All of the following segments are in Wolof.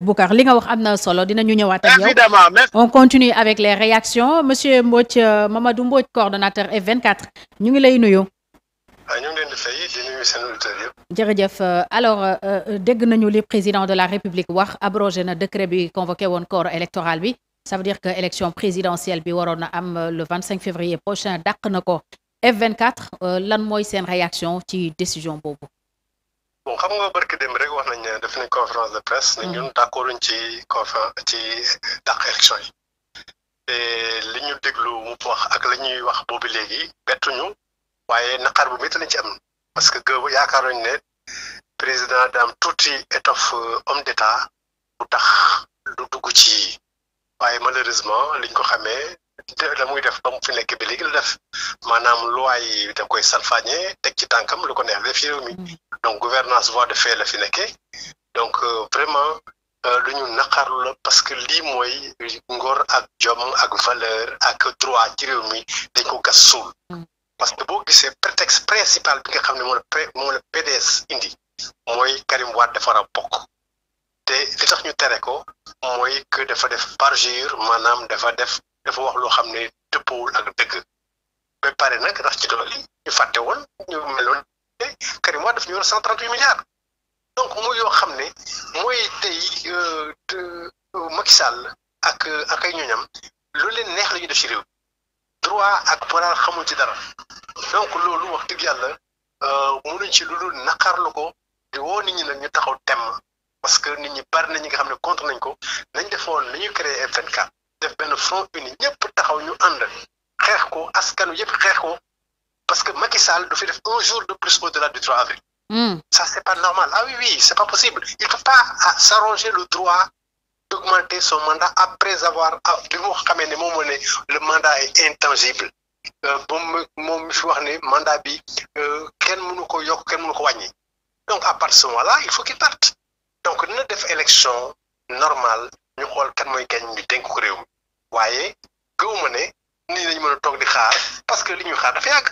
Boucar li nga wax am na solo dina ñu ak yow on continue avec les réactions monsieur Mbodj euh, Mamadou Mbodj coordonnateur F24 ñu ngi lay nuyu. Ah, ñu ngi leen di jërëjëf euh, alors euh, dégg nañu li président de la république wax abrogé na décret bi convoqué woon corps électoral bi ça veut dire que élection présidentielle bi waroon na am le vingt cinq février prochain dàq na ko F24 lan mooy seen réaction ci décision boobu. bon xam nga barki démb rek wax nañ ne def nañ conférence de presse. ne mm. ñun d' accord ci conférence ci dàq élection yi. te li ñu déglu mu wax ak la ñuy wax boobu léegi bettuñu waaye naqar bu métti lañ ci am parce que gë yaakaar nañ ne président daam tuuti étoffe euh, homme d' état bu tax du dugg ci waaye malheureusement liñ ko xamee. la muy def ba fi nekk bi léegi la def maanaam loi yi da koy salfaañee teg ci tànkam lu ko neex def ci réew mi mm. donc gouvernance voie de fait la fi nekkee donc euh, vraiment euh, lu ñu naqarlu la parce que lii mooy ngor ak jom ak valeur ak droit ci réew mi dañ ko gas suul mm. parce que boo gisee prétexte principal bi nga xam ne moo la moo la PDS indi mooy Karim Wade defara war a bokk te li tax ñu tere ko mooy que dafa def parjure maanaam dafa def dafa wax loo xam ne dëppoowul ak dëgg ba pare nag rax ci dool yi ñu fàtte woon ñu meloon Karim Wade daf ñu war cent trente donc mooy yoo xam ne mooy tey euh, Macky Sall ak ak ay ñoñam lu leen neex la ñu def ci réew droit ak moral xamul ci dara donc loolu wax dëgg yàlla euh, mënuñ ci lu dul naqarlu ko di woo nit ñi nag ñu taxaw temm parce que nit ñi bari na ñi nga xam ne contre nañ ko nañ defoon li ñu créé F24 def benn front uni ñëpp taxaw ñu ànd xeex ko askanu yëpp xeex ko parce que Macky Sall du fi def un jour de plus au-delà du 3 avril. Hmm. ça c'est pas normal ah oui oui c'est pas possible il faut pas ah, s'arroger le droit d'augmenter son mandat après avoir ah, bi mu xamee ne moom moo le mandat est intangible euh, moom moom mi fi wax ne mandat bi euh, kenn mënu ko yokk kenn mënu ko wàññi donc à part de ce il faut qu'il parte donc na def élection normale ñu xool kan mooy gañ ñu ko réew mi waaye gëwuma ne nii mën a toog di xaar parce que li ñuy xaar dafa yàgg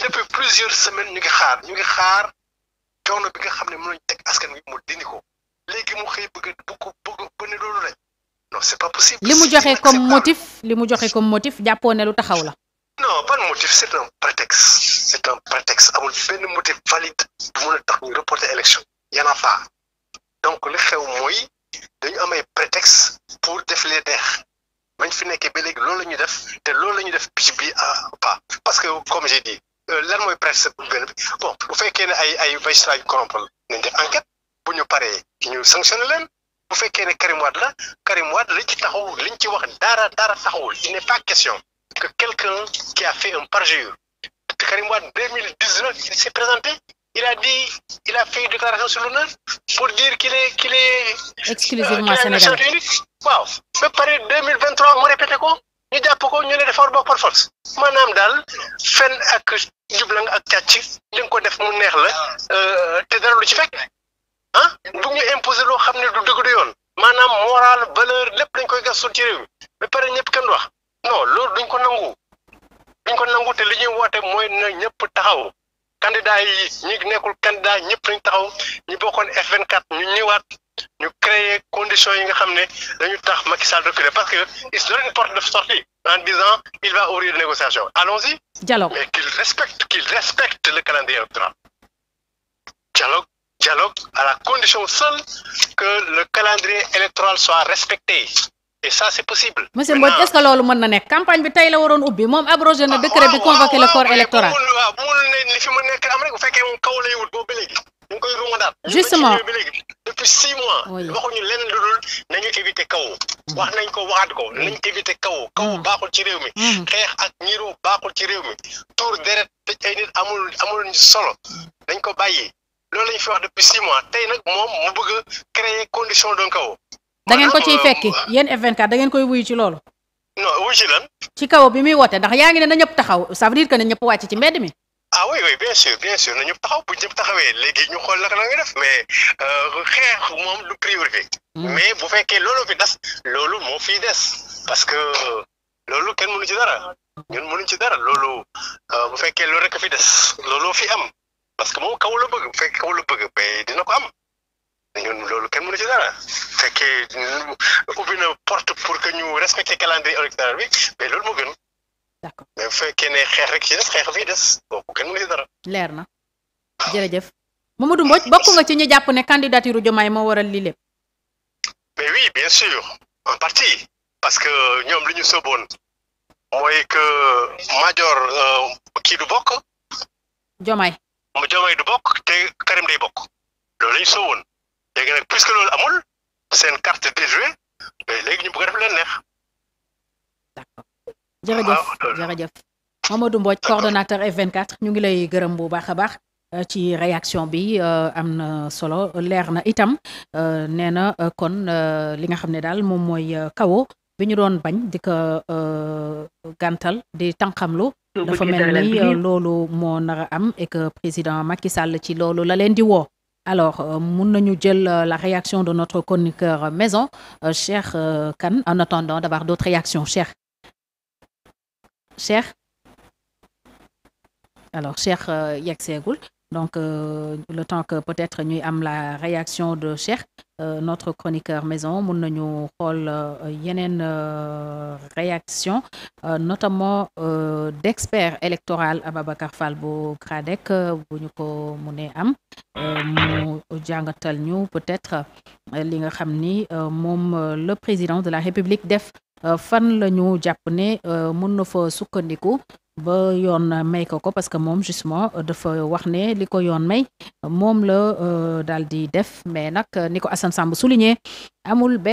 depuis plusieurs semaines ngi xaar ñu ngi xaar coono bi nga xam ne mënuñ teg askan wi mu dindi ko léegi mu xëy bëgg bëgg bëgg ba ne loolu lañ non c'est pas possible. li mu joxe comme motif li mu joxe comme motif jàppoo ne lu taxaw la. non ban motif c'est un prétexte c'est un prétexte amul benn motif valide bu mën a tax reporter élection y donc li xew mooy. prétexte pour def li neex bañ fi nekkee ba léegi loolu la ñuy def te loolu la ñuy def picc bi ah pas parce que comme j'ai dit euh, lan mooy prétexte pour gën bon bu fekkee ne ay ay magistrat yu corrompre nañ def enquête bu ñu paree ki ñu sanctionné leen bu fekkee ne Karim Wade la Karim Wade ci taxawul lañ ci wax dara dara taxawul il n'est pas question que quelqu'un qui a fait un parjure te Karim Wade 2019 il s'est présenté il a dit, fi a fait une déclaration sur l'honneur pour dire qu'il est, qu'il est exclusivement euh, qu sénégalais. waaw ba pare 2023 mu répété ko ñu jàpp ko ñu ne dafa war a bokk par force maanaam daal fen ak jublang ak càcc li ko def mu neex la euh, te dara lu ci fekk ah bu ñu imposer loo xam ne du dëgg du yoon maanaam moral baleur lépp dañ koy gasul ci réew mi ba pare ñëpp kenn wax non loolu duñ ko nangu duñ ko nangu te li ñuy woote mooy na ñëpp taxaw. candidat yi ñi nekkul candidat ñëpp dañ taxaw ñu bokkoon F24 ñu ñëwaat ñu créer conditions yi nga xam ne dañu tax Macky Sall reculer parce que il se donne porte de sortie en disant il va ouvrir des négociations allons-y. dialogue mais qu'il respecte qu'il respecte le calendrier électoral. dialogue dialogue à la condition seule que le calendrier électoral soit respecté. et ça c'est possible. monsieur Mbodj est loolu mën na nekk campagne bi tey la waroon ubbi moom abrogé na décret bi convoqué le corps électoral. waaw mënul ne li fi mën nekk am rek bu fekkee moom kaw lay wut boobu ba léegi. ñu ngi koy ruumandaat. justement ba léegi depuis waxuñu lenn lu dul nañu éviter kaw. Mm. wax nañ ko waxaat ko mm. nañ éviter kaw kaw mm. baaxul ci réew mi. xeex ak ñiiroo baaxul ci réew mi tuur deret tëj ay nit amul amul solo dañ ko bàyyi loolu lañ fi wax depuis six mois tey nag moom mu bëgg créer condition d'un kaw. da ngeen ko ciy fekki yéen F24 da ngeen koy wuyu ci loolu. non wuyu ci lan. ci kaw bi muy woote ndax yaa ngi ne na ñëpp taxaw ça veut dire que ne ñëpp wàcc ci mbedd mi. ah oui oui bien sûr bien sûr na ñëpp taxaw bu ñëpp taxawee léegi ñu xool naka la nga def mais euh, xeex moom lu priorité. Hmm. mais bu fekkee loolu fi des loolu moo fiy des parce que euh, loolu kenn mënu ci dara ñun mënuñ ci dara loolu euh, bu fekkee loolu rek fi des loolu fi am parce que moom kaw la bëgg bu kaw la bëgg dina ko am. ñun loolu kenn mënu ci dara fekkee ubbi na porte pour que ñu respecter calendrier électoral bi mais loolu moo gën. mais bu fekkee ne xeex rek ci des xeex fii des boobu kenn mënu ci dara. leer na jërëjëf Mamadou Mbodj bokk nga ci ñu jàpp ne candidature Diomaye moo waral lii lépp. mais oui bien sûr en partie parce que ñoom li ñu sóoboon mooy que Major euh, kii du bokk. Diomaye. Diomaye du bokk te Karim day bokk loolu la ñu léegi puisque loolu amul seen carte déjouée mais léegi ñu bëgg def leen neex. d'accord jërëjëf ah, jërëjëf Mamadou Mbodj coordonnateur F24 ñu ngi lay gërëm bu baax a baax. Euh, ci réaction bi euh, am na solo leer na itam euh, nee na kon li nga xam ne daal moom mooy kawo bi ñu doon bañ di ko gàntal di tanqamlu dafa mel ni loolu moo nara am et que président Macky ci loolu la leen di woo alors euh, mun nañu jël euh, la réaction de notre chroniqueur maison euh, Cheikh Kane en attendant d'avoir d'autres réactions Cheikh Cheikh alors Cheikh yegg seegul donc euh, le temps que peut-être ñuy am la réaction de Cheikh euh, notre chroniqueur maison mun nañu xool euh, yeneen réaction notamment d'expert électoral Ababacar Fall bu CRADEC bu ñu ko munee am mu jàngatal ñu peut-être li nga xam ni moom le président de la République def fan la ñu jàpp ne mun na fa sukkandiku ba yoon may ko ko parce que moom justement dafa wax ne li ko yoon may moom la euh, daal di def mais nag ni ko Assane Samb souligné amul benn